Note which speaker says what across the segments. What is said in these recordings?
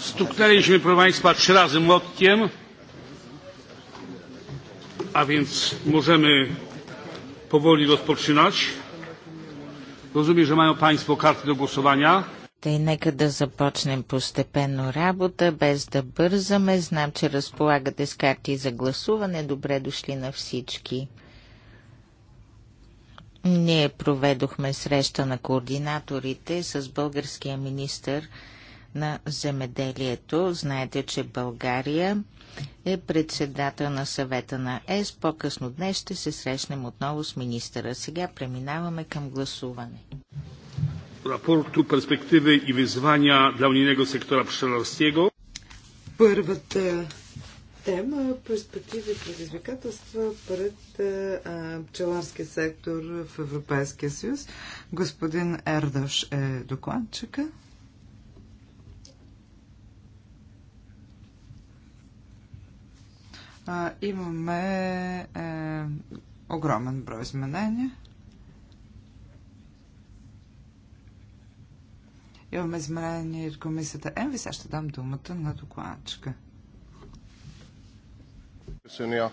Speaker 1: Stuknęliśmy, proszę Państwa, trzy razy młotkiem, a więc możemy powoli rozpoczynać. Rozumiem, że mają Państwo karty do głosowania.
Speaker 2: Тъй нека да започнем постепенно работа, без да бързаме. Знам, че разполагате с карти за гласуване. Добре дошли на всички. Ние проведохме среща на координаторите с българския министр на земеделието. Знаете, че България е председател на съвета на ЕС. По-късно днес ще се срещнем отново с министъра. Сега преминаваме към гласуване.
Speaker 1: Рапорту перспективи и визвания для унийного сектора пчеларskiego. Първата
Speaker 3: тема е перспективи и предизвикателства пред е, пчеларския сектор в Европейския съюз. Господин Ердош е докладчика. а, имаме е, огромен брой изменения. Имаме изменения от комисията ЕМВИ. Сега ще дам думата на докладчика.
Speaker 1: Köszöni a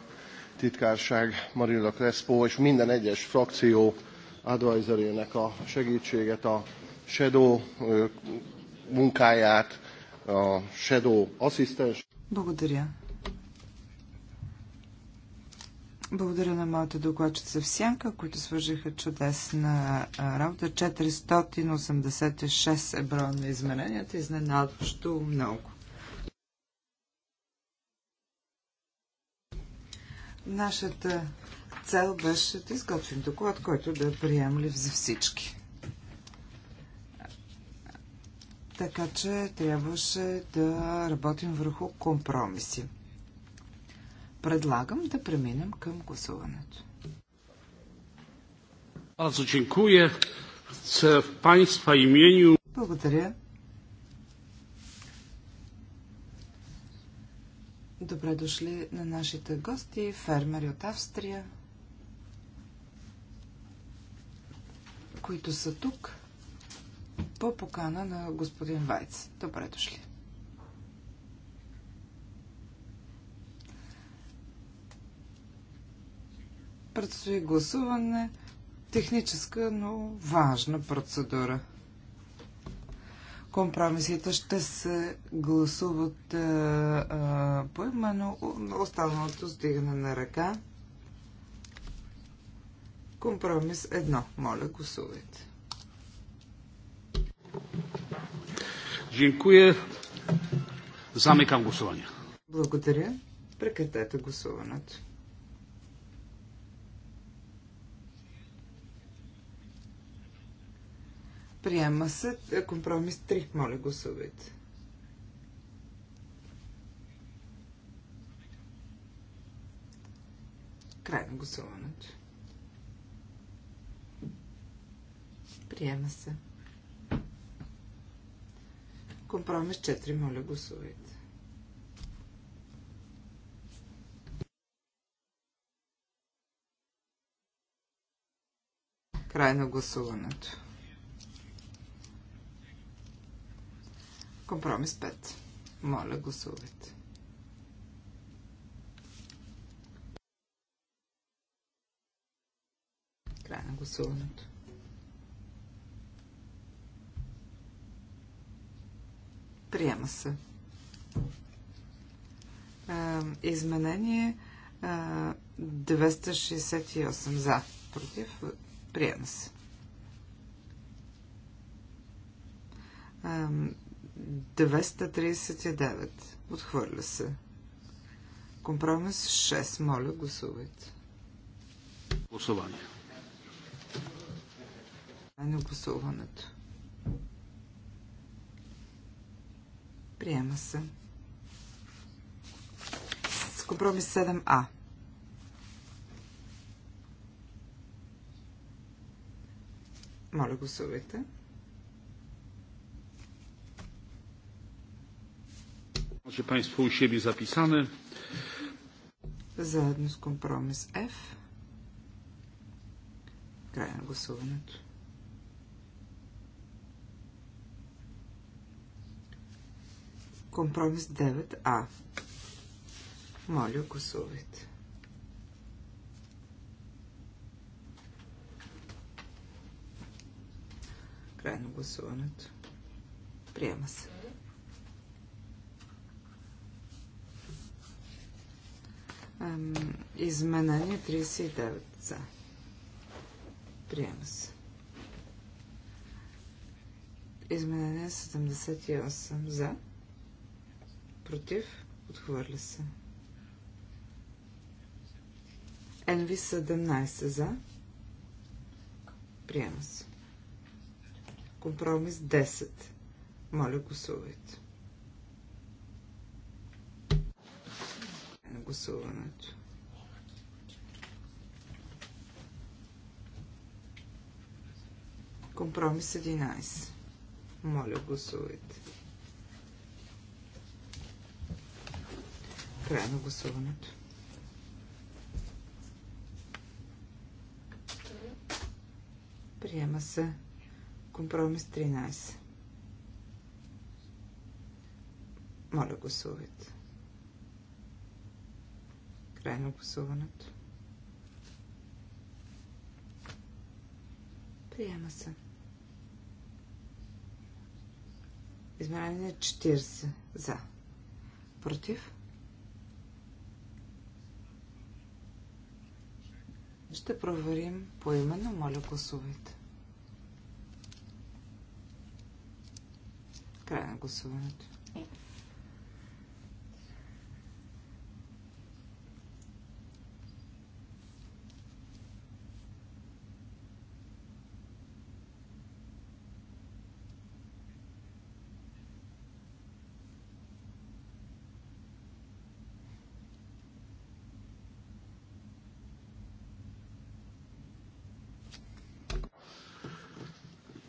Speaker 1: titkárság Marilla Crespo és minden egyes frakció advisorének a segítséget, a shadow munkáját, a shadow asszisztens.
Speaker 3: Благодаря. Благодаря на моята докладчица в Сянка, които свържиха чудесна работа. 486 е броя на измеренията, изненадващо много. Нашата цел беше да изготвим доклад, който да е приемлив за всички. Така че трябваше да работим върху
Speaker 1: компромиси.
Speaker 3: Предлагам да преминем към гласуването. Благодаря. Добре дошли на нашите гости, фермери от Австрия, които са тук по покана на господин Вайц. Добре дошли. Предстои гласуване. Техническа, но важна процедура. Компромисите ще се гласуват поименно, останалото стигане на ръка. Компромис едно Моля, гласувайте.
Speaker 1: Дякую. Замикам гласуване.
Speaker 3: Благодаря. Прекратете гласуването. Приема се компромис 3. Моля, гласувайте. Край на гласуването. Приема се. Компромис 4. Моля, гласувайте. Край на гласуването. Компромис 5. Моля, гласувайте. Край на гласуването. Приема се. Изменение 268 за. Против. Приема се. 239. Отхвърля се. Компромис 6. Моля, гласувайте. Гласуване. Не гласуването. Приема се. С компромис 7А. Моля, гласувайте.
Speaker 1: macie Państwo u siebie zapisane.
Speaker 3: Заедно с компромис F. Край на гласуването. Компромис 9А. Моля, гласувайте. Край на гласуването. Приема се. Изменение 39 за. Приема се. Изменение 78 за. Против. Отхвърля се. Енви 17 за. Приема се. Компромис 10. Моля, гласувайте. гласуването. Компромис 11. Моля, гласувайте. Край на гласуването. Приема се компромис 13. Моля, гласувайте. Край гласуването. Приема се. Измерение 40 за. Против. Ще проверим по именно. Моля, гласувайте. Край на гласуването.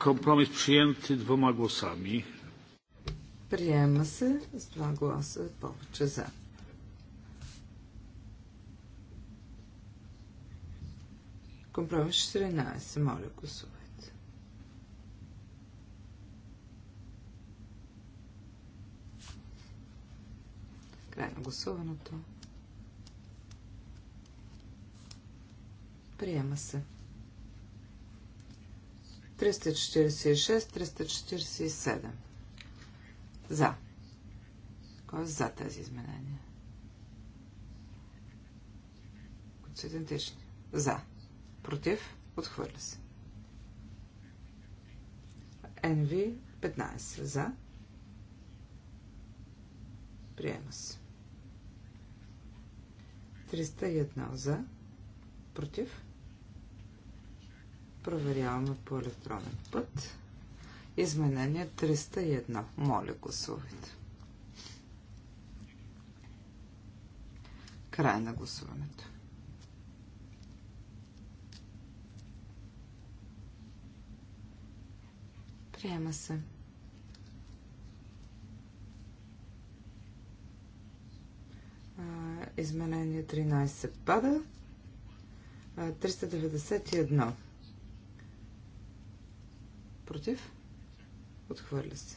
Speaker 1: Kompromis przyjęty двома głosami.
Speaker 3: Приема се с два гласа повече за. Компромис 14. Моля, гласувайте. Край на гласуването. Приема се. 346-347. За. Кой е за тези изменения? Които са идентични. За. Против. Отхвърля се. NV 15. За. Приема се. 301 за. Против. Проверяваме по електронен път. Изменение 301. Моля, гласувайте. Край на гласуването. Приема се. Изменение 13 пада. 391. Против? Отхвърля се.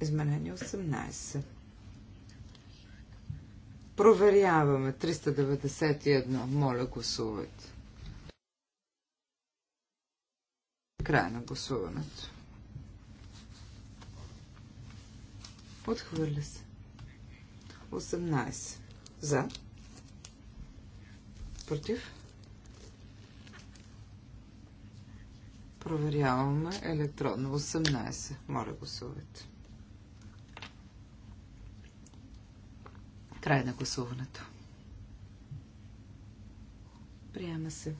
Speaker 3: Изменение 18. Проверяваме 391. Моля, гласувайте. Край на гласуването. Отхвърля се. 18. За. Против. Проверяваме електронно 18. Моля гласувайте. Край на гласуването. Приема се.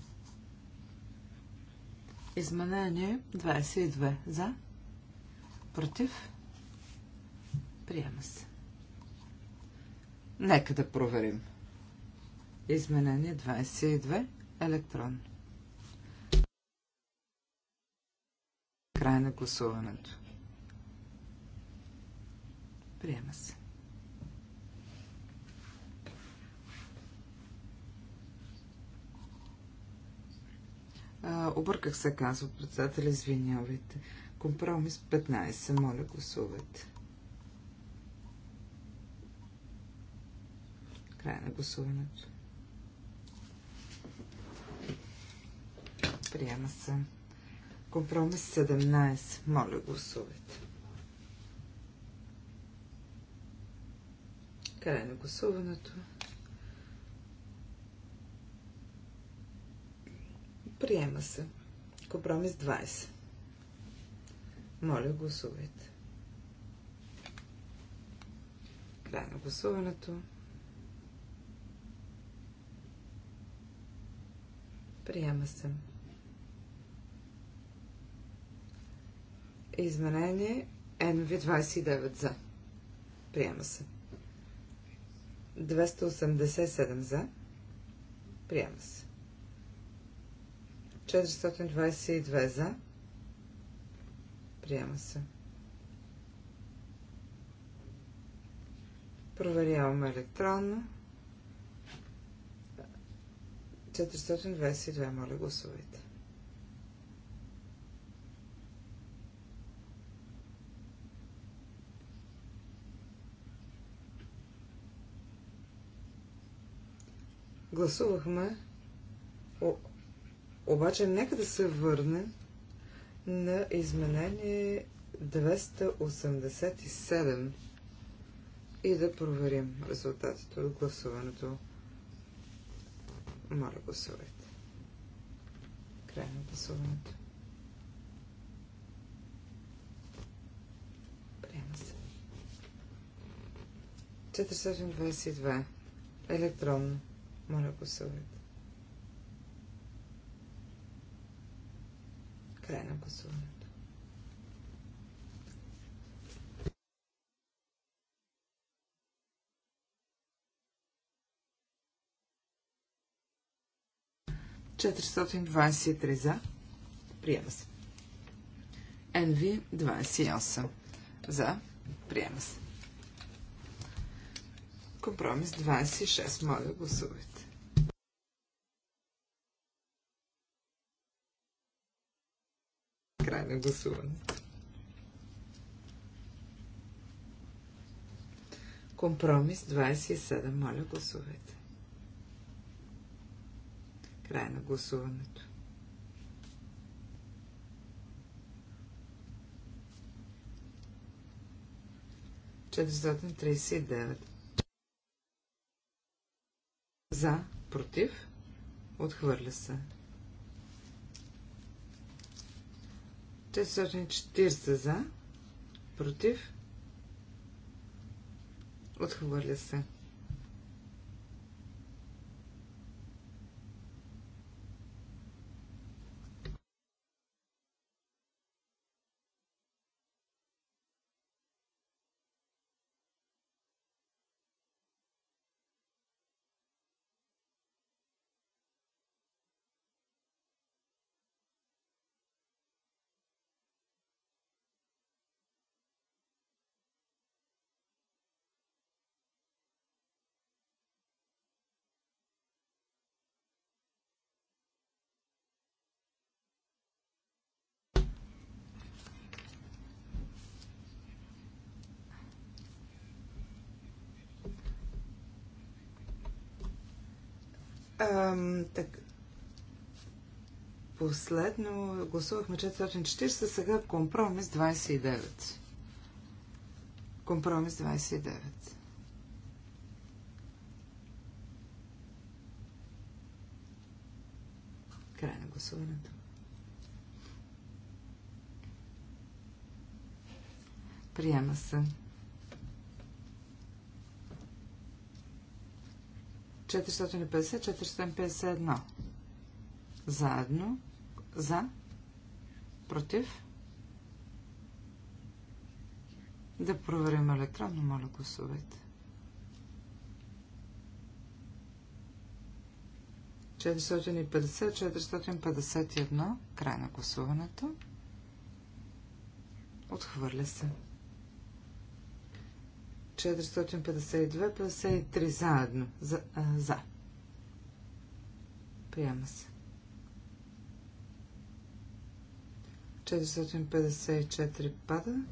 Speaker 3: Изменение 22. За. Против. Приема се. Нека да проверим. Изменение 22. Електрон. Край на гласуването. Приема се. А, обърках се, казва председателя, извинявайте. Компромис 15. Моля, гласувайте. Край на гласуването. Приема се. Компромис 17. Моля, гласувайте. Край на гласуването. Приема се. Компромис 20. Моля, гласувайте. Край на гласуването. Приема се. Изменение NV29 за. Приема се. 287 за. Приема се. 422 за. Приема се. Проверяваме електронно. 422, моля гласувайте. гласувахме, О, обаче нека да се върнем на изменение 287 и да проверим резултатите от гласуването. Моля, гласувайте. Край на гласуването. Приема се. 422. Електронно. Моля, гласувайте. Край на гласуването. Четиристотин за. Приема се. NV 28 за. Приема се. Компромис 26. Моля, гласувайте. на гласуване. Компромис 27. Моля, гласувайте. Край на гласуването. Четиристотин За, против, отхвърля се. 440 за, против, отхвърля се. Ам, так, последно гласувахме 440, сега компромис 29. Компромис 29. Край на гласуването. Приема се. 450-451. Заедно. За. Против. Да проверим електронно, моля гласовете. 450-451. Край на гласуването. Отхвърля се. 452-53 заедно. За, а, за. Приема се. 454 пада.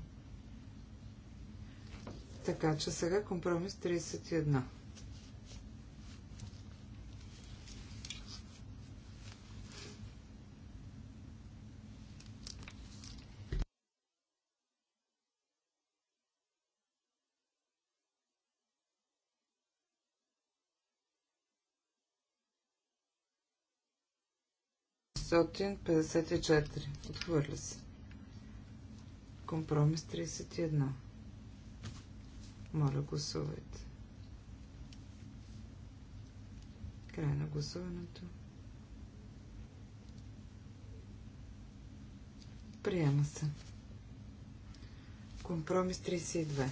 Speaker 3: Така че сега компромис 31. 654. Отхвърля се. Компромис 31. Моля, гласувайте. Край на гласуването. Приема се. Компромис 32.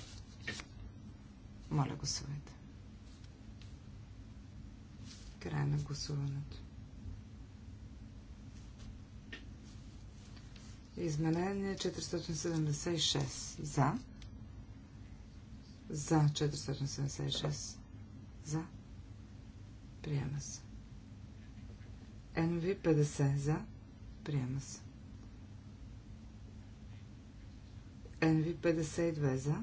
Speaker 3: Моля, гласувайте. Край на гласуването. Изменение 476. За. За 476. За. Приема се. NV 50. За. Приема се. NV 52. За.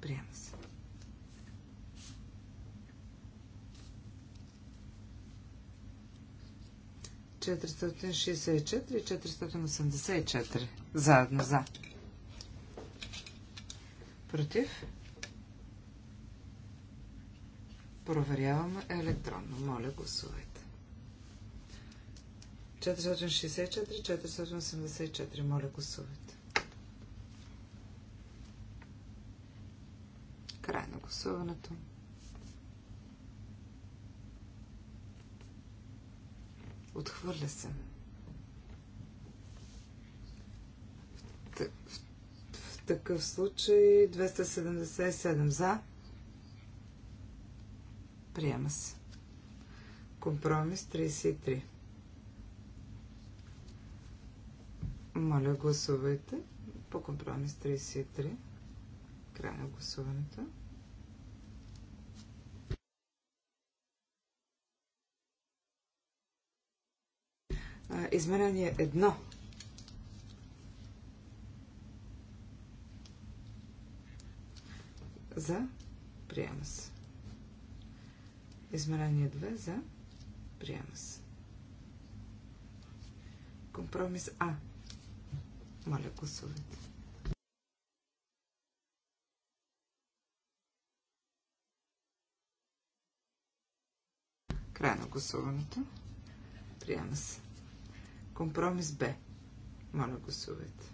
Speaker 3: Приема се. 464 и 484. Заедно за. Против. Проверяваме електронно. Моля, гласувайте. 464, 484. Моля, гласувайте. Край на гласуването. Отхвърля се. В, в такъв случай 277 за. Приема се. Компромис 33. Моля, гласувайте по компромис 33. Край на гласуването. Измерение едно. За. Приема се. Измерение 2. За. Приема се. Компромис А. Моля, гласувайте. Край на гласуването. Приема се. Компромис Б. Моля, гласувайте.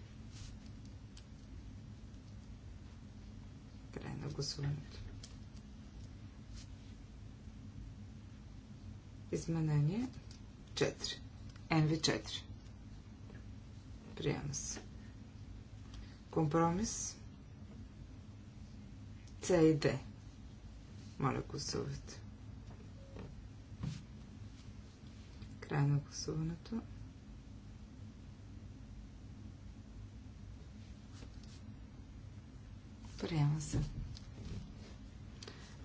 Speaker 3: Край на гласуването. Изменение 4. NV4. Приема се. Компромис С и Д. Моля, гласувайте. Край на гласуването. Приема се.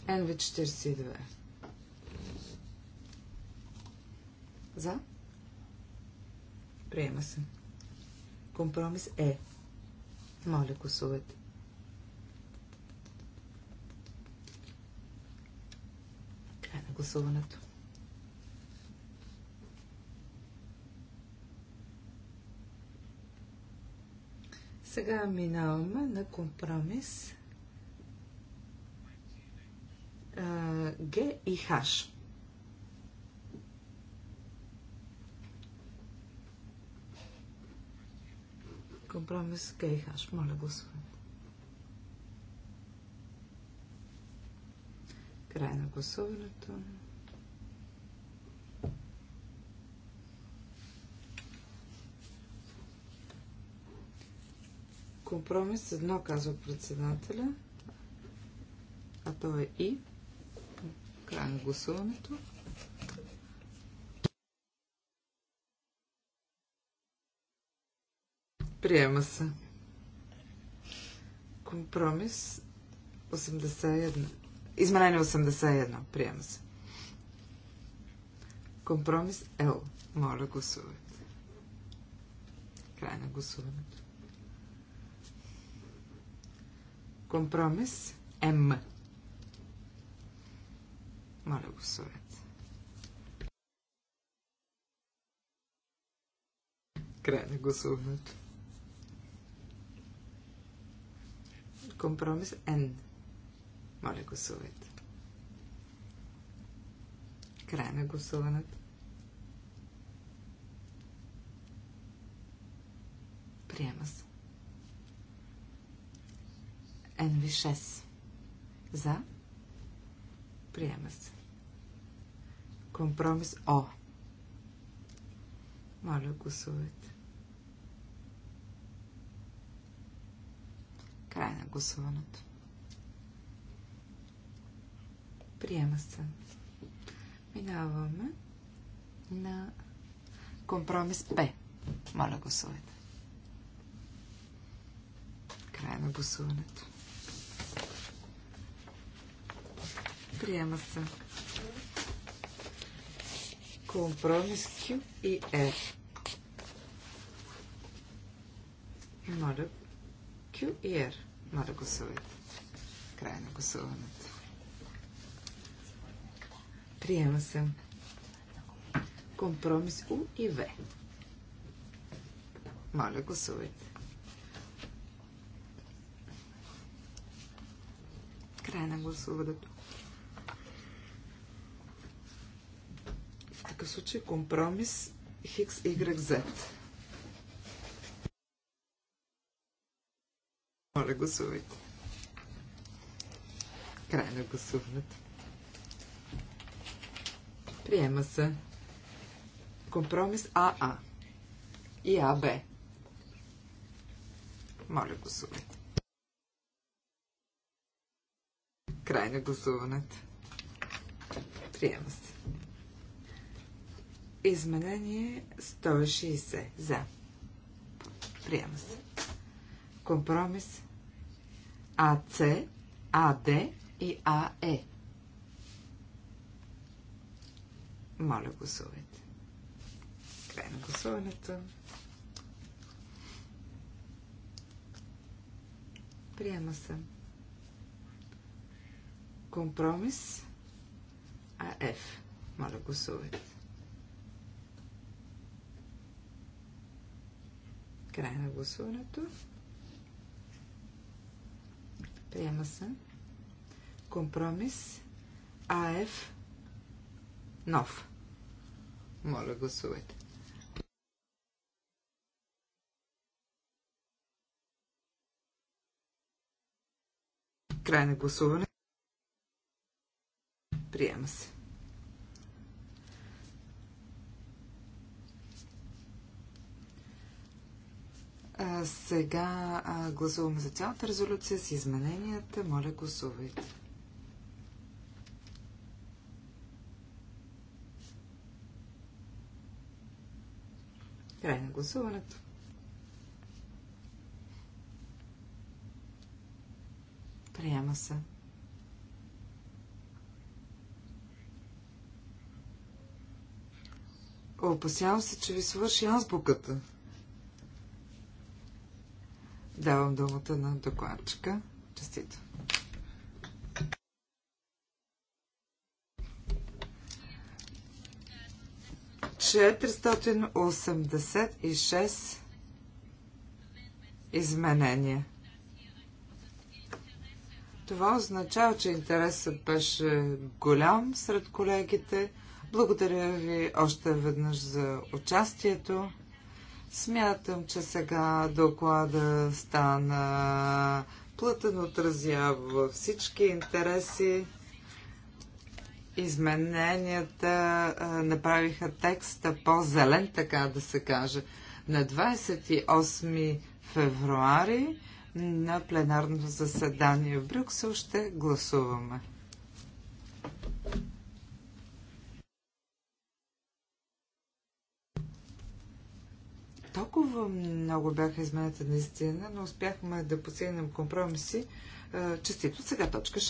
Speaker 3: НВ42. За. Приема се. Компромис Е. Моля, косувайте. Край на гласуването. Сега минаваме на компромис Г и H. Компромис Г и H. Моля гласувайте. Край на гласуването. Компромис едно, казва председателя. А то е и. Край на гласуването. Приема се. Компромис 81. Изменение 81. Приема се. Компромис Л. Моля, гласувайте. Край на гласуването. Компромис М. Моля, го гласувайте. Край на гласуването. Компромис Н. Моля, гласувайте. Край на гласуването. Приема се. NV6. За. Приема се. Компромис О. Моля, гласувайте. Край на гласуването. Приема се. Минаваме на компромис П. Моля, гласувайте. Край на гласуването. Приема се. Компромис Q и R. Моля, Q и R. Моля, гласувайте. Край на гласуването. Приема се. Компромис У и В. Моля, гласувайте. Край на гласуването. всякакъв случай компромис Хикс, Игрек, Зет. Моля, гласувайте. Край на гласуването. Приема се. Компромис АА и АБ. Моля, гласувайте. Край на гласуването. Приема се. Изменение 160. За. Приема се. Компромис АЦ, АД и АЕ. Моля, гласувайте. Край на гласуването. Приема се. Компромис АФ. Моля, гласувайте. Край на гласуването. Приема се. Компромис. АФ. Нов. Моля, гласувайте. Край на гласуване. Приема се. сега а, гласуваме за цялата резолюция с измененията. Моля, гласувайте. Край на гласуването. Приема се. Опасявам се, че ви свърши азбуката. Давам думата на докладчика. Честито. Четиристотин изменения. Това означава, че интересът беше голям сред колегите. Благодаря ви още веднъж за участието. Смятам, че сега доклада стана плътен, отразява всички интереси. Измененията направиха текста по-зелен, така да се каже. На 28 февруари на пленарното заседание в Брюксел ще гласуваме. Толкова много бяха измената наистина, но успяхме да постигнем компромиси. Честито сега точка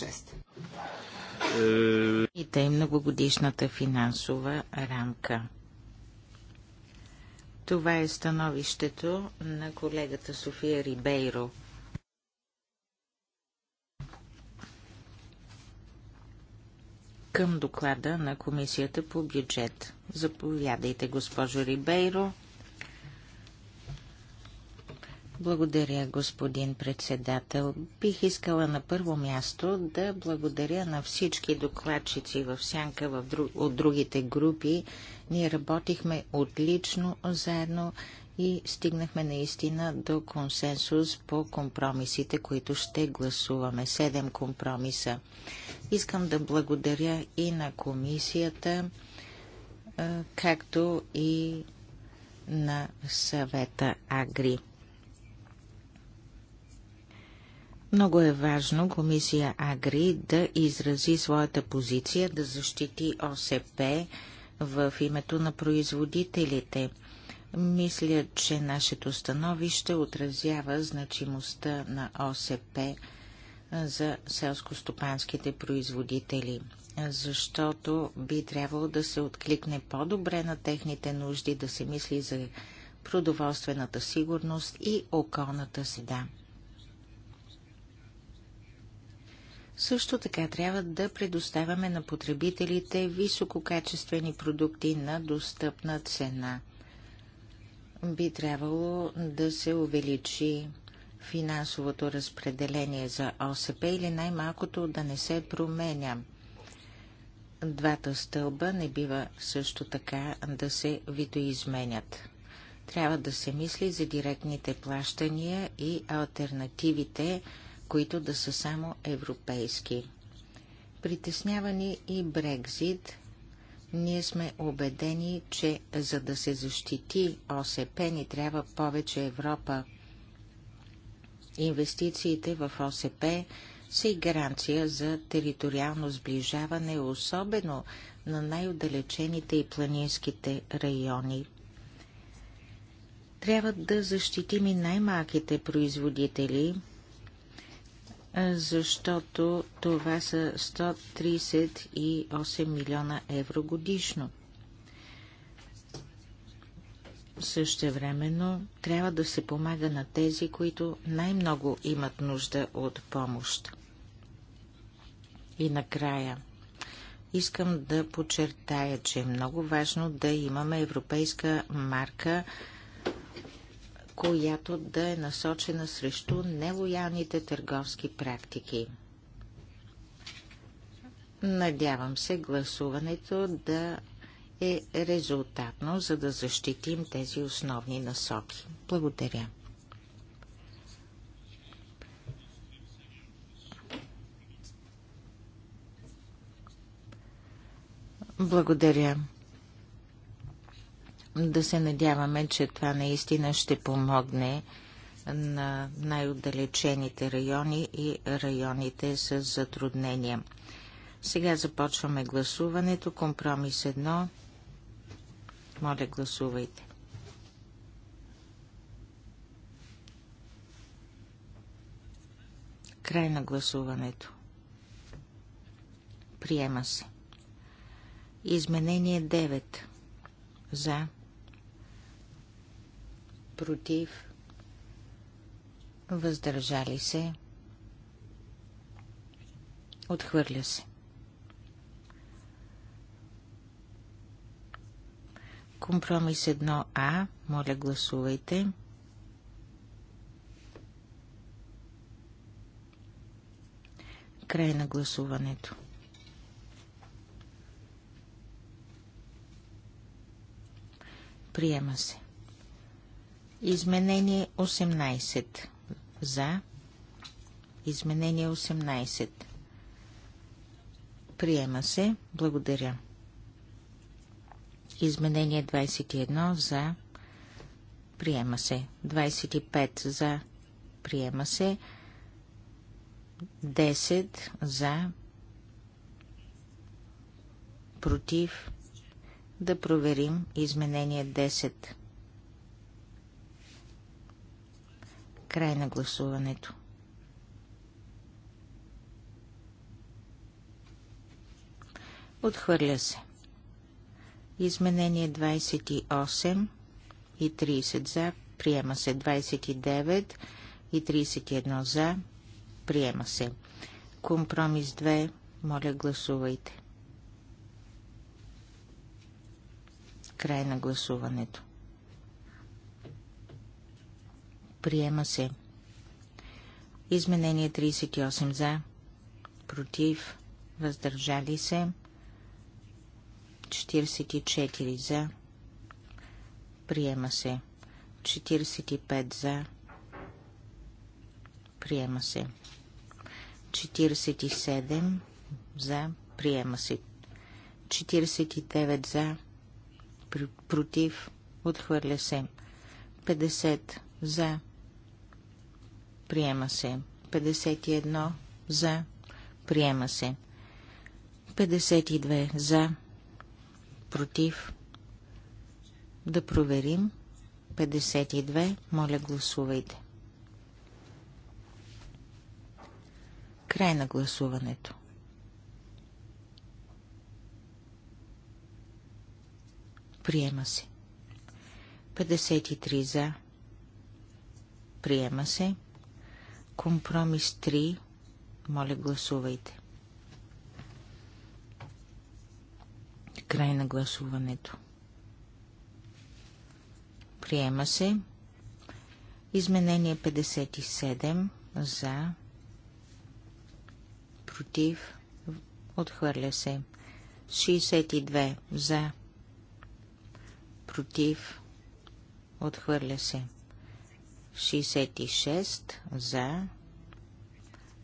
Speaker 1: 6.
Speaker 2: И тъй многогодишната финансова рамка. Това е становището на колегата София Рибейро. Към доклада на Комисията по бюджет. Заповядайте, госпожо Рибейро. Благодаря, господин председател. Бих искала на първо място да благодаря на всички докладчици в сянка в друг, от другите групи. Ние работихме отлично заедно и стигнахме наистина до консенсус по компромисите, които ще гласуваме. Седем компромиса. Искам да благодаря и на комисията, както и на съвета Агри. Много е важно комисия Агри да изрази своята позиция, да защити ОСП в името на производителите. Мисля, че нашето становище отразява значимостта на ОСП за селскостопанските производители, защото би трябвало да се откликне по-добре на техните нужди, да се мисли за продоволствената сигурност и околната седа. Също така трябва да предоставяме на потребителите висококачествени продукти на достъпна цена. Би трябвало да се увеличи финансовото разпределение за ОСП или най-малкото да не се променя. Двата стълба не бива също така да се видоизменят. Трябва да се мисли за директните плащания и альтернативите, които да са само европейски. Притеснявани и Брекзит, ние сме убедени, че за да се защити ОСП ни трябва повече Европа. Инвестициите в ОСП са и гаранция за териториално сближаване, особено на най-отдалечените и планинските райони. Трябва да защитим и най-малките производители, защото това са 138 милиона евро годишно. Същевременно трябва да се помага на тези, които най-много имат нужда от помощ. И накрая искам да подчертая, че е много важно да имаме европейска марка която да е насочена срещу нелоялните търговски практики. Надявам се гласуването да е резултатно, за да защитим тези основни насоки. Благодаря. Благодаря. Да се надяваме, че това наистина ще помогне на най-отдалечените райони и районите с затруднения. Сега започваме гласуването. Компромис 1. Моля, гласувайте. Край на гласуването. Приема се. Изменение 9. За против, въздържали се, отхвърля се. Компромис 1А, моля гласувайте. Край на гласуването. Приема се. Изменение 18. За. Изменение 18. Приема се. Благодаря. Изменение 21. За. Приема се. 25. За. Приема се. 10. За. Против. Да проверим изменение 10. Край на гласуването. Отхвърля се. Изменение 28 и 30 за. Приема се 29 и 31 за. Приема се. Компромис 2. Моля, гласувайте. Край на гласуването. Приема се. Изменение 38 за. Против. Въздържали се. 44 за. Приема се. 45 за. Приема се. 47 за. Приема се. 49 за. Против. Отхвърля се. 50 за. Приема се. 51 за. Приема се. 52 за. Против. Да проверим. 52. Моля, гласувайте. Край на гласуването. Приема се. 53 за. Приема се. Компромис 3. Моля, гласувайте. Край на гласуването. Приема се. Изменение 57 за. Против. Отхвърля се. 62 за. Против. Отхвърля се. 66 за,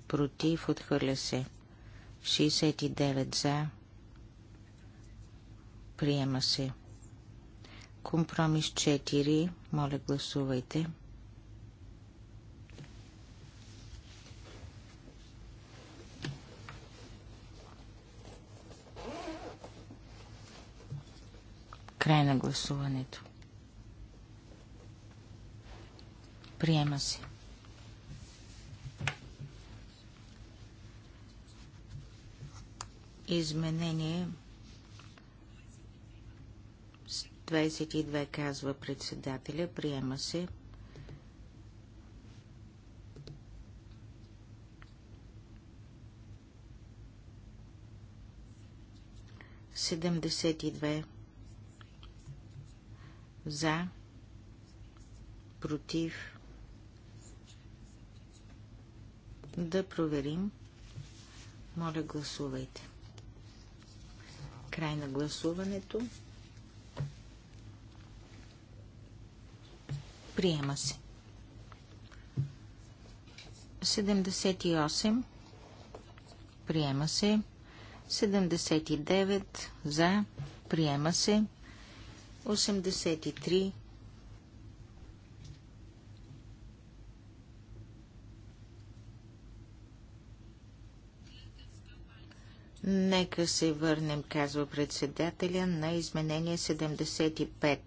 Speaker 2: против, отхвърля се. 69 за, приема се. Компромис 4, моля гласувайте. Край на гласуването. Приема се. Изменение 22 казва председателя. Приема се. Седемдесет и две за, против, Да проверим. Моля, гласувайте. Край на гласуването. Приема се. 78. Приема се. 79. За. Приема се. 83. Нека се върнем, казва председателя, на изменение 75.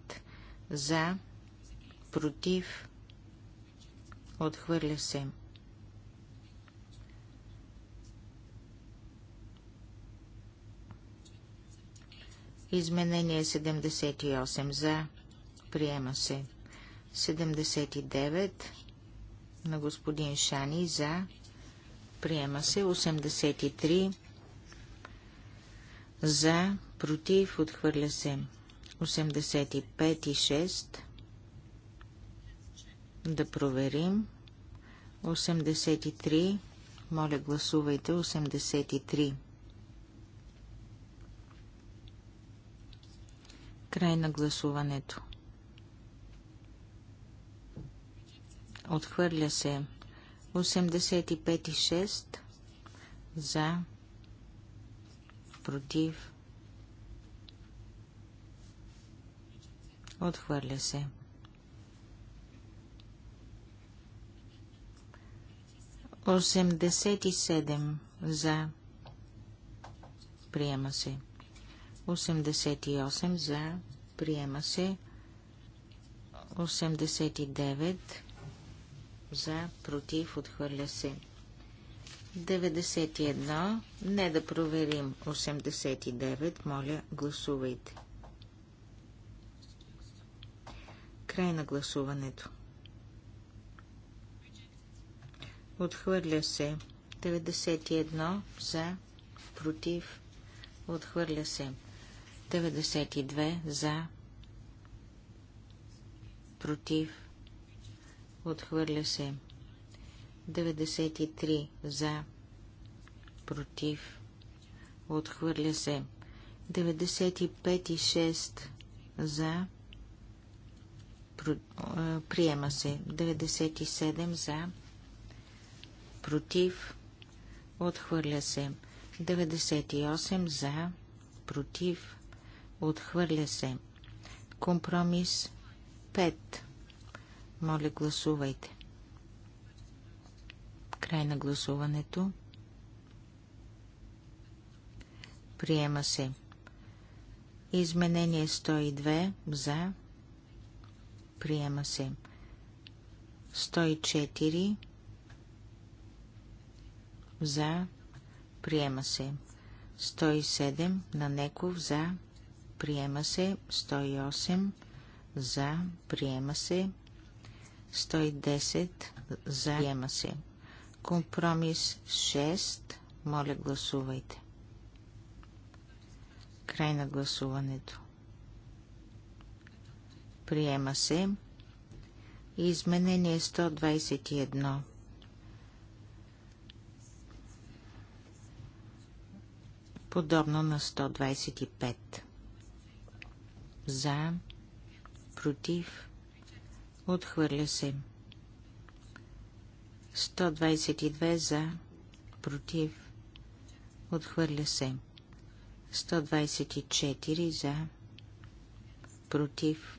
Speaker 2: За, против, отхвърля се. Изменение 78 за. Приема се. 79 на господин Шани за. Приема се. 83 за, против, отхвърля се. 85 и 6. Да проверим. 83. Моля, гласувайте. 83. Край на гласуването. Отхвърля се 85 и 6 за, против, отхвърля се. Осемдесет и седем за, приема се. 88 за, приема се. девет за, против, отхвърля се. 91. Не да проверим 89. Моля, гласувайте. Край на гласуването. Отхвърля се. 91 за, против. Отхвърля се. 92 за, против. Отхвърля се. 93 за, против, отхвърля се. 95 и 6 за, приема се. 97 за, против, отхвърля се. 98 за, против, отхвърля се. Компромис 5. Моля, гласувайте. Край на гласуването. Приема се. Изменение 102 за. Приема се. 104 за. Приема се. 107 на Неков за. Приема се. 108 за. Приема се. 110 за. Приема се. Компромис 6. Моля, гласувайте. Край на гласуването. Приема се. Изменение 121. Подобно на 125. За. Против. Отхвърля се. 122 за, против, отхвърля се. 124 за, против.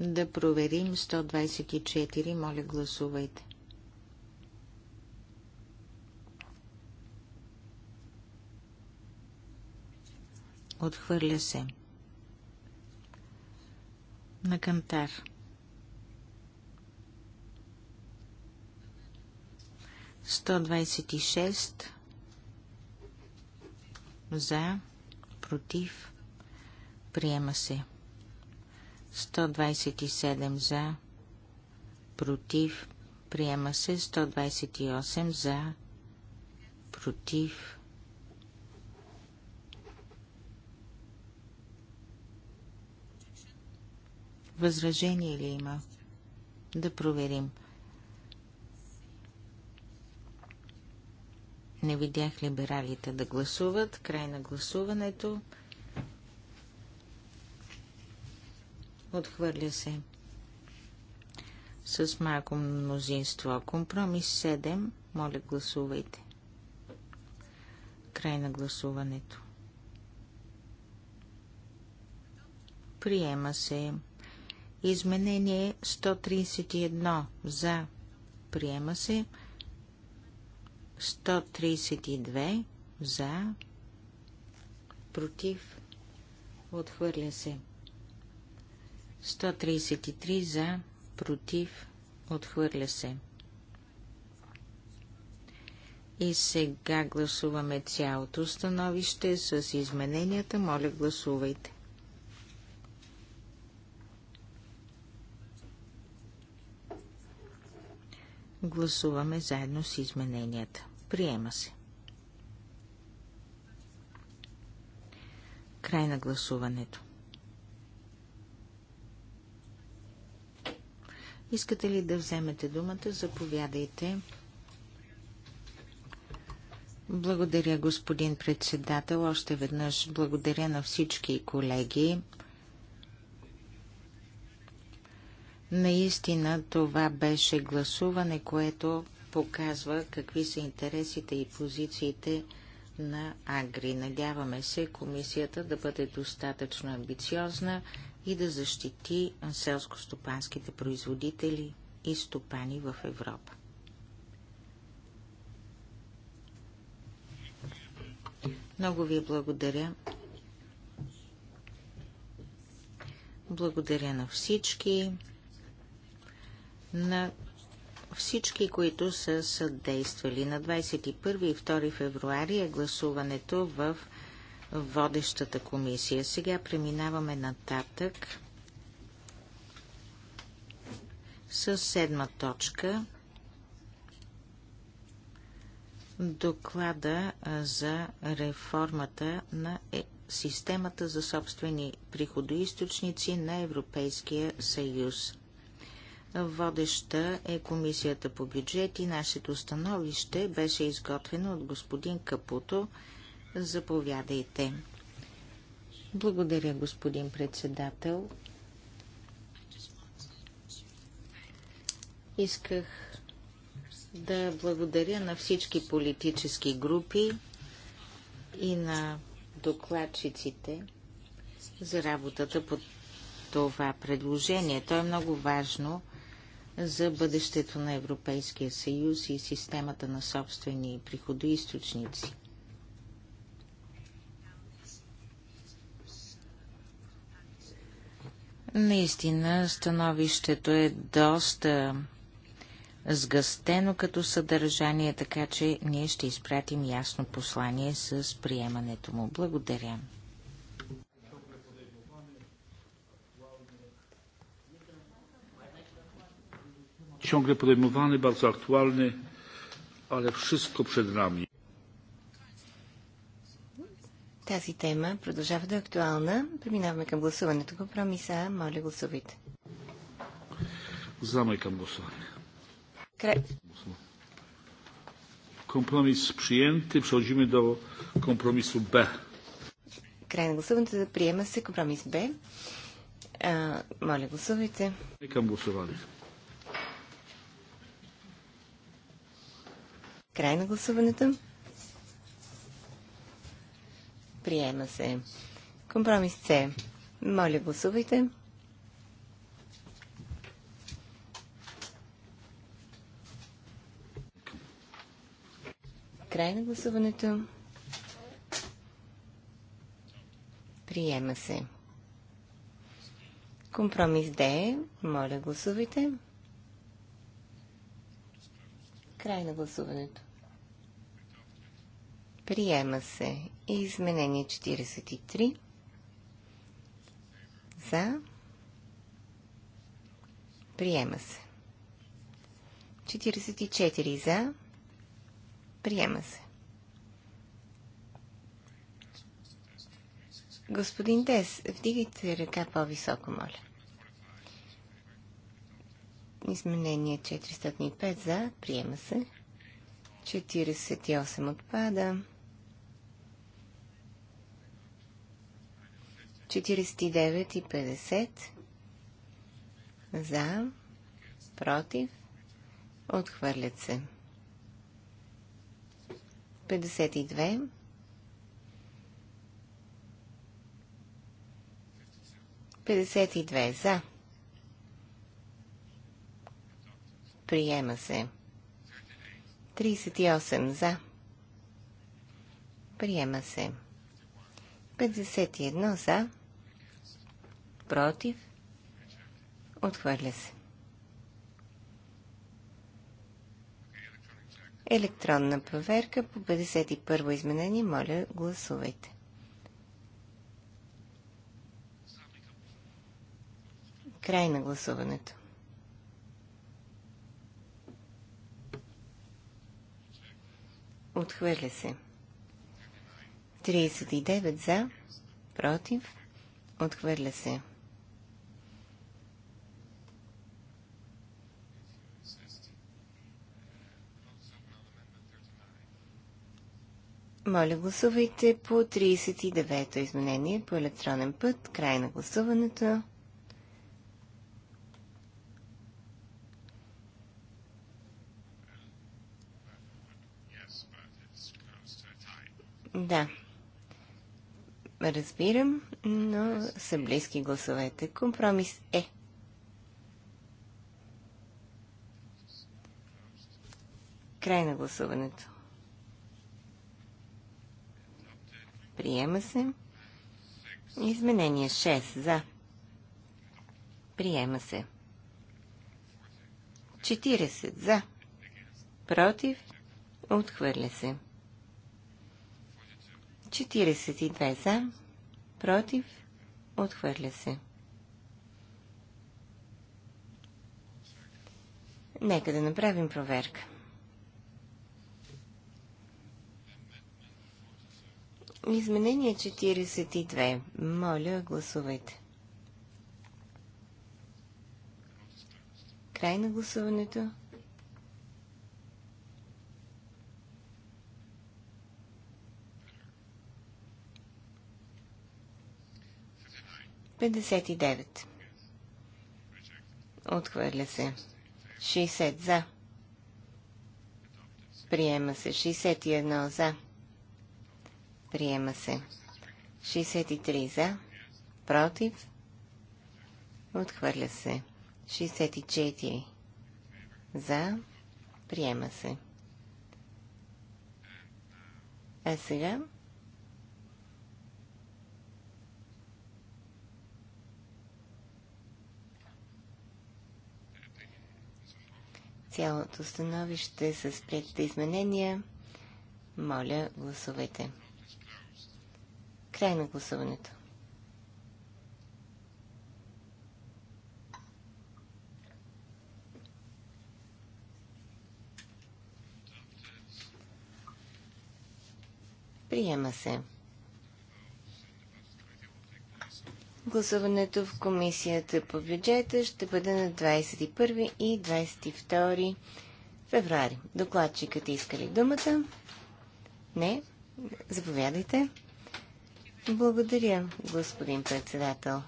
Speaker 2: Да проверим 124, моля гласувайте. Отхвърля се. На кантар. 126 за, против, приема се. 127 за, против, приема се. 128 за, против. Възражение ли има? Да проверим. 128. Не видях либералите да гласуват. Край на гласуването. Отхвърля се. С малко мнозинство. Компромис 7. Моля, гласувайте. Край на гласуването. Приема се. Изменение 131. За. Приема се. 132 за, против, отхвърля се. 133 за, против, отхвърля се. И сега гласуваме цялото становище с измененията. Моля, гласувайте. Гласуваме заедно с измененията. Приема се. Край на гласуването. Искате ли да вземете думата? Заповядайте. Благодаря, господин председател. Още веднъж благодаря на всички колеги. Наистина това беше гласуване, което показва какви са интересите и позициите на Агри. Надяваме се комисията да бъде достатъчно амбициозна и да защити селско-стопанските производители и стопани в Европа. Много ви благодаря. Благодаря на всички, на всички, които са съдействали. На 21 и 2 февруари е гласуването в водещата комисия. Сега преминаваме нататък с седма точка. Доклада за реформата на е, системата за собствени приходоисточници на Европейския съюз. Водеща е Комисията по бюджет и нашето становище беше изготвено от господин Капуто. Заповядайте. Благодаря, господин председател. Исках да благодаря на всички политически групи и на докладчиците за работата по това предложение. То е много важно за бъдещето на Европейския съюз и системата на собствени приходоисточници. Наистина, становището е доста сгъстено като съдържание, така че ние ще изпратим ясно послание с приемането му. Благодаря.
Speaker 1: ciągle podejmowany, bardzo aktualny, ale wszystko przed nami.
Speaker 4: Тази тема продължава да е актуална. Преминаваме към гласуването. Компромиса, моля гласувайте.
Speaker 1: Замай към гласуване. Компромис приемте, Przechodzimy до компромису Б.
Speaker 4: Край на гласуването да приема се компромис Б. А, моля, гласувайте.
Speaker 1: Към гласуването.
Speaker 4: Край на гласуването. Приема се. Компромис С. Моля, гласувайте. Край на гласуването. Приема се. Компромис Д. Моля, гласувайте. Край на гласуването. Приема се изменение 43. За. Приема се. 44 за. Приема се. Господин Дес, вдигайте ръка по-високо, моля. Изменение 405 за. Приема се. 48 отпада. 49 и 50 за, против, отхвърлят се. 52 52 за, Приема се. 38 за. Приема се. 51 за. Против. Отхвърля се. Електронна проверка по 51 изменение. Моля, гласувайте. Край на гласуването. Отхвърля се. 39 за. Против. Отхвърля се. 39. Моля, гласувайте по 39-то изменение по електронен път. Край на гласуването. Да. Разбирам, но са близки гласовете. Компромис е. Край на гласуването. Приема се. Изменение 6 за. Приема се. 40 за. Против. Отхвърля се. 42 за, против, отхвърля се. Нека да направим проверка. Изменение 42. Моля, гласувайте. Край на гласуването. 59. Отхвърля се. 60 за. Приема се. 61 за. Приема се. 63 за. Против. Отхвърля се. 64 за. Приема се. А сега цялото становище с приятите изменения. Моля, гласувайте. Край на гласуването. Приема се. Гласуването в комисията по бюджета ще бъде на 21 и 22 феврари. Докладчикът иска ли думата? Не. Заповядайте. Благодаря, господин председател.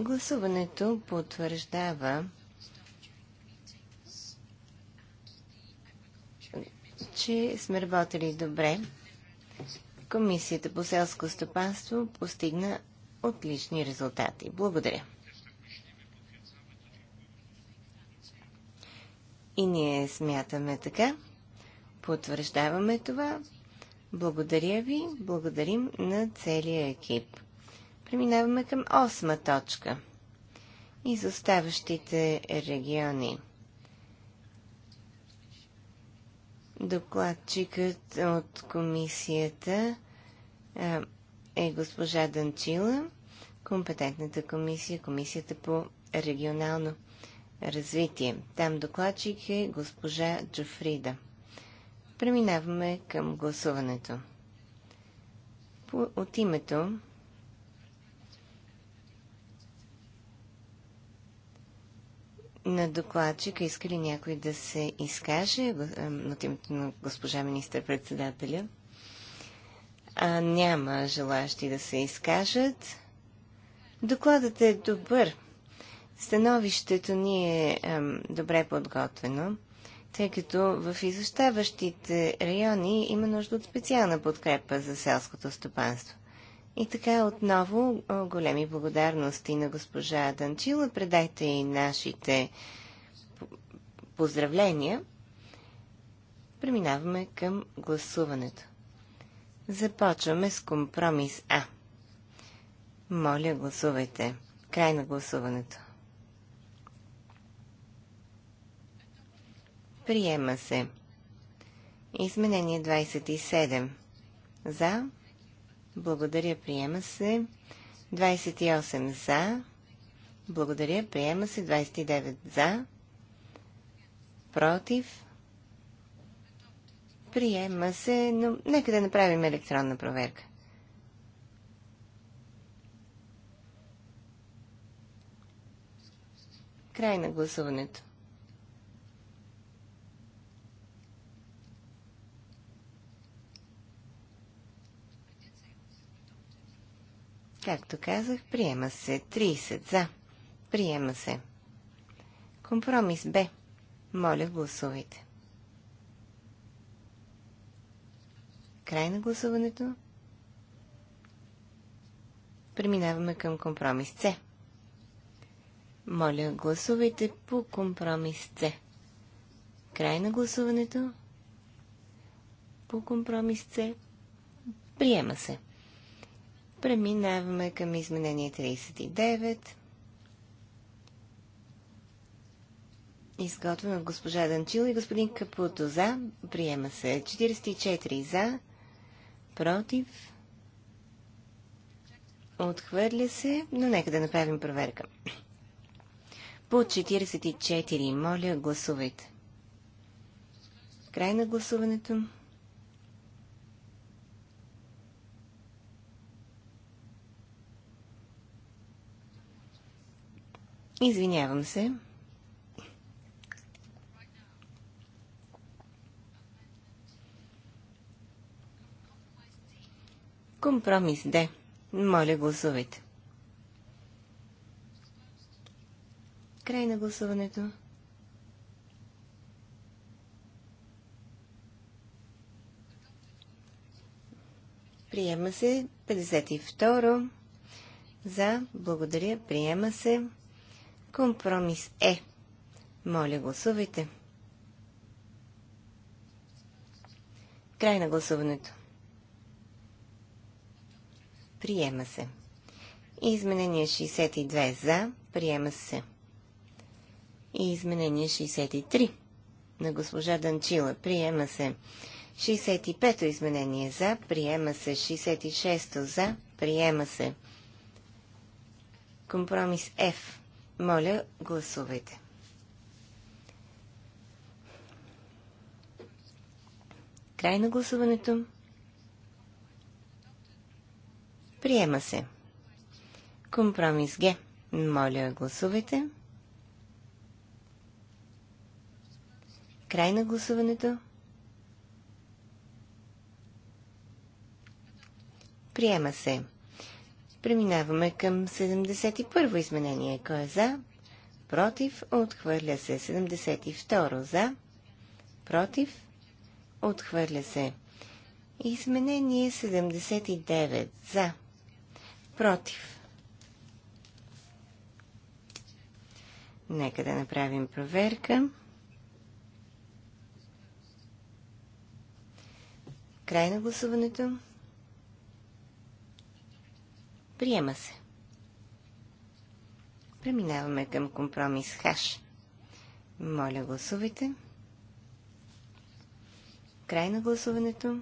Speaker 4: Гласуването потвърждава, че сме работили добре Комисията по селско стопанство постигна отлични резултати. Благодаря. И ние смятаме така. Потвърждаваме това. Благодаря ви. Благодарим на целия екип. Преминаваме към осма точка. Изоставащите региони. Докладчикът от комисията е госпожа Данчила, компетентната комисия, комисията по регионално развитие. Там докладчик е госпожа Джофрида. Преминаваме към гласуването. По, от името на докладчика. Иска ли някой да се изкаже от името на госпожа министър-председателя? А, няма желащи да се изкажат. Докладът е добър. Становището ни е ам, добре подготвено, тъй като в изоставащите райони има нужда от специална подкрепа за селското стопанство. И така отново големи благодарности на госпожа Данчила. Предайте и нашите поздравления. Преминаваме към гласуването. Започваме с компромис А. Моля, гласувайте. Край на гласуването. Приема се. Изменение 27. За. Благодаря, приема се. 28 за. Благодаря, приема се. 29 за. Против. Приема се, но нека да направим електронна проверка. Край на гласуването. Както казах, приема се 30 за. Приема се. Компромис Б. Моля, гласувайте. Край на гласуването. Преминаваме към компромис С. Моля, гласувайте по компромис С. Край на гласуването. По компромис С. Приема се. Преминаваме към изменение 39. Изготвено от госпожа Данчил и господин Капуто за. Приема се 44 за. Против. Отхвърля се, но нека да направим проверка. По 44, моля, гласувайте. Край на гласуването. Извинявам се. Компромис Д. Моля, гласувайте. Край на гласуването. Приема се 52. За. Благодаря. Приема се. Компромис Е. Моля, гласувайте. Край на гласуването. Приема се. Изменение 62 за. Приема се. И изменение 63 на госпожа Данчила. Приема се. 65-то изменение за. Приема се. 66-то за. Приема се. Компромис F. Моля, гласувайте. Край на гласуването. Приема се. Компромис Г. Моля, гласувайте. Край на гласуването. Приема се. Преминаваме към 71-во изменение. Кой е за? Против. Отхвърля се. 72 за. Против. Отхвърля се. Изменение 79 за. Против. Нека да направим проверка. Край на гласуването. Приема се. Преминаваме към компромис хаш. Моля, гласувайте. Край на гласуването.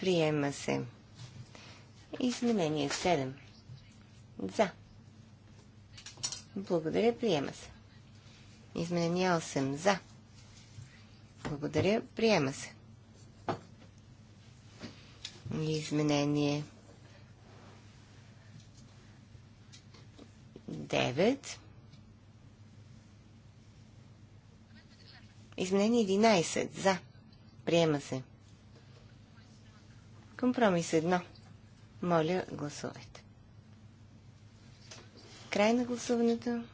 Speaker 4: Приема се. Изменение 7. За. Благодаря, приема се. Изменение 8. За. Благодаря, приема се. Изменение 9. Изменение 11. За. Приема се. Компромис 1. Моля, гласувайте. Край на гласуването.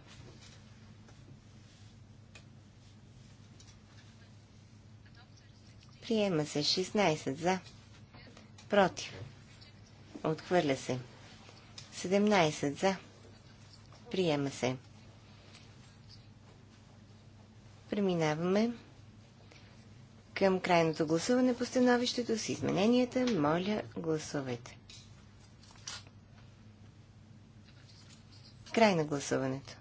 Speaker 4: Приема се 16 за. Против. Отхвърля се. 17 за. Приема се. Преминаваме към крайното гласуване по становището с измененията. Моля, гласувайте. Край на гласуването.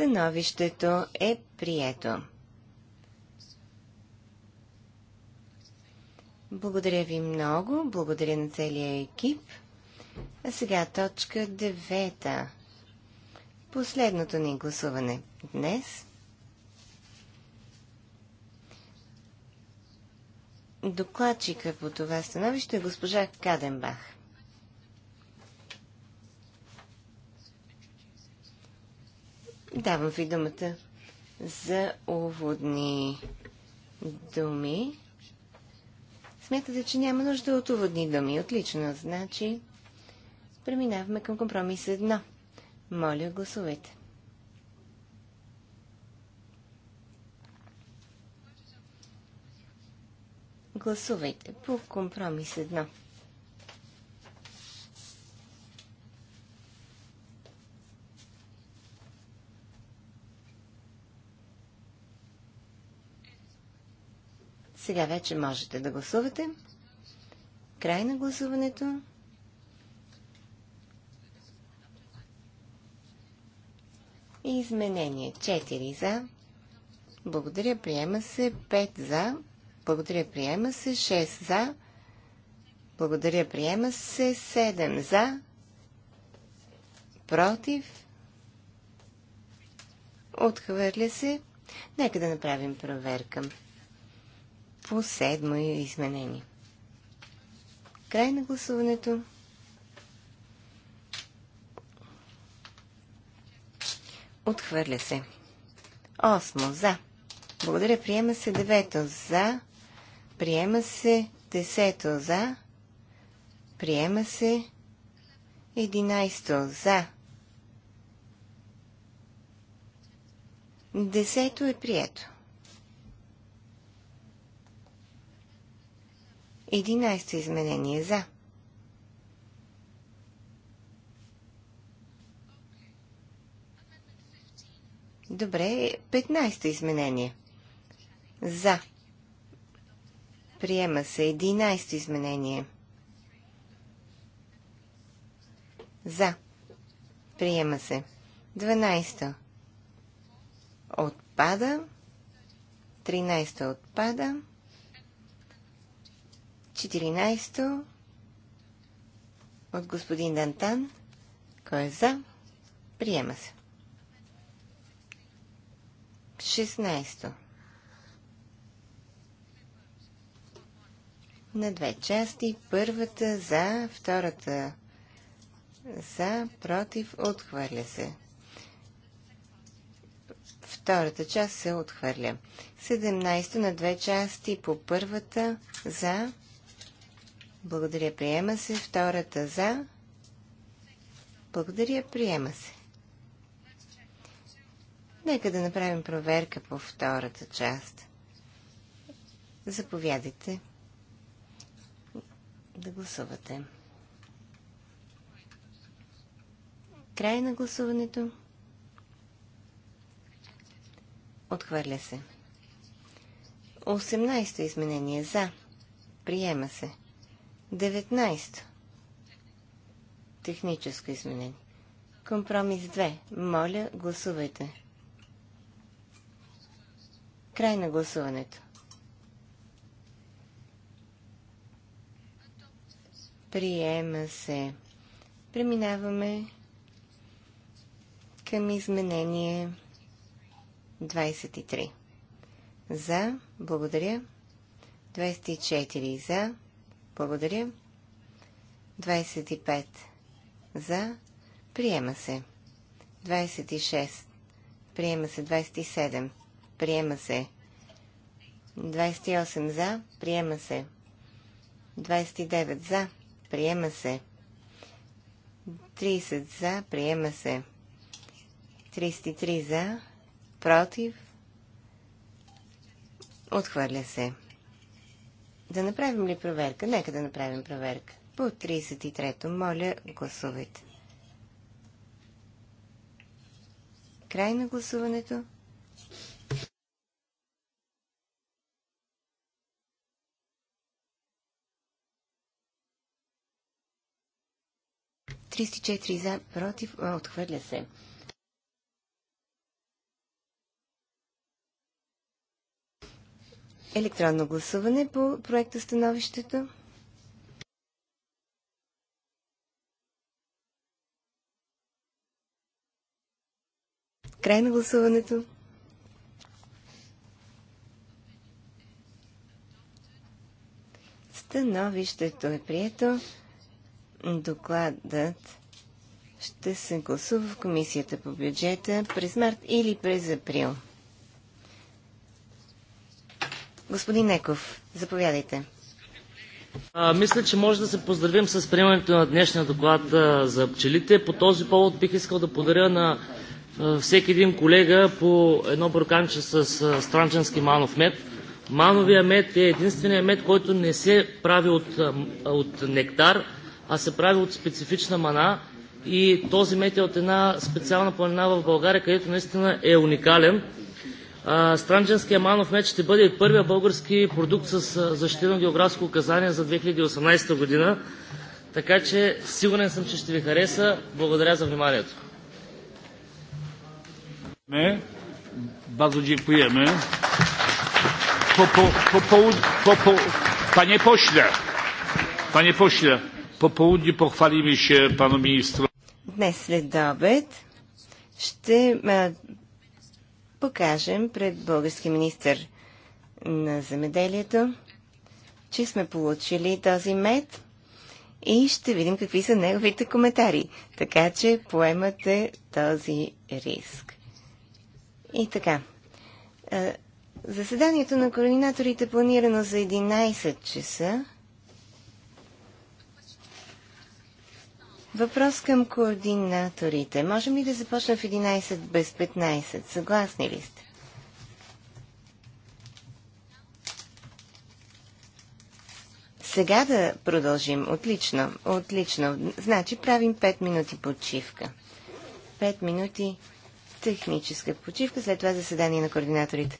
Speaker 4: Становището е прието. Благодаря ви много. Благодаря на целия екип. А сега точка 9. Последното ни гласуване днес. Докладчика по това становище е госпожа Каденбах. Давам ви думата за уводни думи. Смятате, че няма нужда от уводни думи. Отлично, значи преминаваме към компромис едно. Моля, гласувайте. Гласувайте по компромис едно. Сега вече можете да гласувате. Край на гласуването. И изменение 4 за. Благодаря, приема се 5 за. Благодаря, приема се 6 за. Благодаря, приема се 7 за. Против. Отхвърля се. Нека да направим проверка по седмо изменение. Край на гласуването. Отхвърля се. Осмо за. Благодаря. Приема се девето за. Приема се десето за. Приема се единайсто за. Десето е прието. Единайсто изменение за. Добре, петнайсто изменение. За. Приема се. Единайсто изменение. За. Приема се. Дванайсто. Отпада. Тринайсто отпада. Отпада. 14 от господин Дантан. Кой е за? Приема се. 16 на две части. Първата за, втората за, против, отхвърля се. Втората част се отхвърля. 17 на две части по първата за, благодаря, приема се. Втората за. Благодаря, приема се. Нека да направим проверка по втората част. Заповядайте да гласувате. Край на гласуването. Отхвърля се. 18 изменение за. Приема се. 19. Техническо изменение. Компромис 2. Моля, гласувайте. Край на гласуването. Приема се. Преминаваме към изменение 23. За. Благодаря. 24 за благодаря. 25. За. Приема се. 26. Приема се. 27. Приема се. 28. За. Приема се. 29. За. Приема се. 30. За. Приема се. 33. За. Против. Отхвърля се. Да направим ли проверка? Нека да направим проверка. По 33-то, моля, гласувайте. Край на гласуването. четири за, против, отхвърля се. електронно гласуване по проекта становището. Край на гласуването. Становището е прието. Докладът ще се гласува в комисията по бюджета през март или през април. Господин Неков, заповядайте.
Speaker 3: А, мисля, че може да се поздравим с приемането на днешния доклад а, за пчелите. По този повод бих искал да подаря на а, всеки един колега по едно бурканче с а, странчански манов мед. Мановия мед е единствения мед, който не се прави от, а, от нектар, а се прави от специфична мана. И този мед е от една специална планина в България, където наистина е уникален. Странджанския манов меч ще бъде първия български продукт с защитено географско указание за
Speaker 1: 2018 година. Така че сигурен съм, че ще ви хареса. Благодаря за вниманието. Bardzo dziękujemy. Po, po, po, po, po, po, panie pośle, panie pośle, po południu pochwalimy się panu ministrowi. Днес
Speaker 4: след обед ще покажем пред български министр на земеделието, че сме получили този мед и ще видим какви са неговите коментари. Така че поемате този риск. И така. Е, заседанието на координаторите е планирано за 11 часа. Въпрос към координаторите. Можем ли да започна в 11 без 15? Съгласни ли сте? Сега да продължим. Отлично, отлично. Значи правим 5 минути почивка. 5 минути техническа почивка, след това заседание на координаторите.